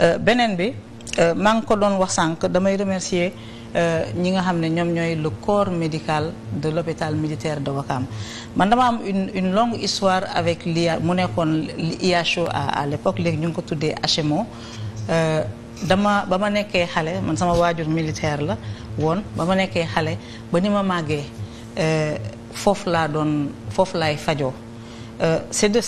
Euh, beneen bi euh, maa ngi ko doon wax sànq damay remercier euh, ñi nga xam ne ñoom ñooy le corps médical de l'hôpital militaire de Ouakam man dama am une une longue histoire avec l'IA mu nekkoon IHO à à l'époque léegi ñu ngi ko tuddee HMO dama ba ma nekkee xale man sama waajur militaire la woon ba ma nekkee xale ba ni ma màggee foofu laa doon foofu laay fajoo c'est de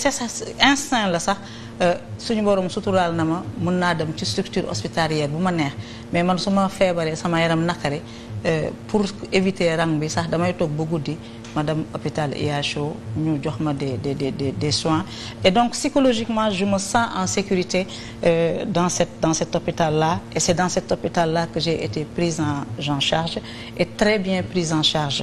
instant la sax Euh, suñu borom suturaal na ma mun naa dem ci structure hospitalière bu ma neex mais man su ma feebaree sama yaram naqari euh, pour éviter rang bi sax damay toog ba guddi ma dem hôpital IHO ñu jox ma des des des des soins et donc psychologiquement je me sens en sécurité euh, dans cette dans cet hôpital là et c'est dans cet hôpital là que j'ai été prise en en charge et très bien prise en charge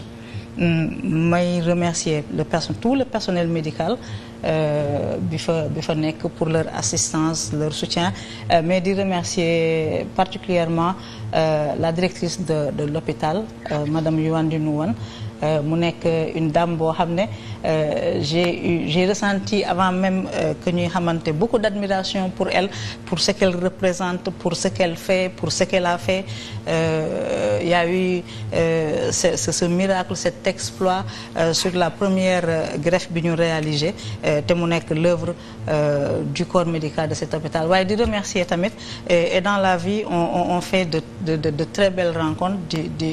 Mm, may remercier le person tout le personnel médical euh, bi fa bi fa nekk pour leur assistance leur soutien euh, mais di remercier particulièrement euh, la directrice de de l'hôpital euh, madame Yuandi Nouane euh, mu nekk une dame boo xam ne euh, j'ai eu j'ai ressenti avant même que ñuy xamante beaucoup d'admiration pour elle pour ce qu'elle représente pour ce qu'elle pour ce qu'elle a fait il y a eu euh, ce, ce, ce miracle cet exploit euh, sur la première euh, greffe bi ñu réalisé te mu nekk l'œuvre du corps médical de cet hôpital waaye di remercier tamit et, et dans la vie on on, on fait de, de de de très belles rencontres di di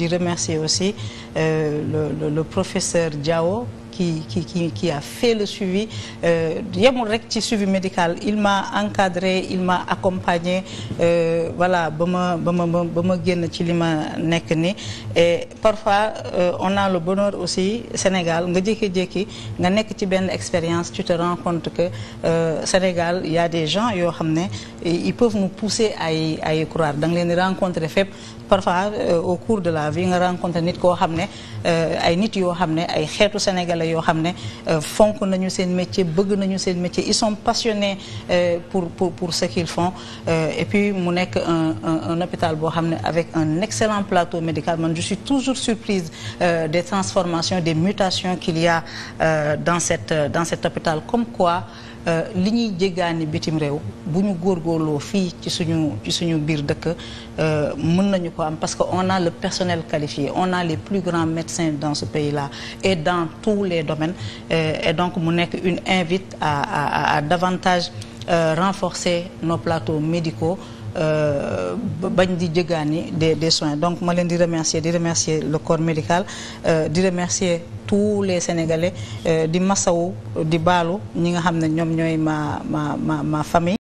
di remercier aussi le, le, le professeur Diao ki qui qui qui a fait le suivi euh, yemul rek ci suivi médical il m'a encadré il m'a accompagné euh, ba ma ba ma ba ma génn ci li ma nekk ni et parfois euh, on a le bonheur aussi Sénégal nga jékki-jékki nga nekk ci benn expérience tu te rends compte que euh, Sénégal il y des gens yoo xam ne ils peuvent nous pousser à y à y croire da leen di rencontrer fépp parfois euh, au cours de la vie nga rencontrer nit koo xam ne euh, ay nit yoo xam ne ay xeetu sénégalais yoo xam ne euh, fonk nañu seen métier bëgg nañu seen métier ils sont passionnés pour pour pour ce qu'ils font et puis mu nekk un un hôpital boo xam ne avec un excellent plateau médical man je suis toujours surprise des transformations des mutations qu'il y a dans cette dans cet hôpital comme quoi li ñuy jéggaani bitim réew bu nawloo fii ci suñu suñu biir dëkk euh, mën nañu ko am parce que on a le personnel qualifié on a les plus grands médecins dans ce pays là et dans tous les domaines euh, et donc mu nekk une invite à à à davantage euh, renforcer nos plateaux médicaux bañ di jëgaani des des soins donc ma leen di remercier di remercier le corps médical di remercier tous les Sénégalais di masawu di baalu ñi nga xam ne ñoom ñooy ma ma ma ma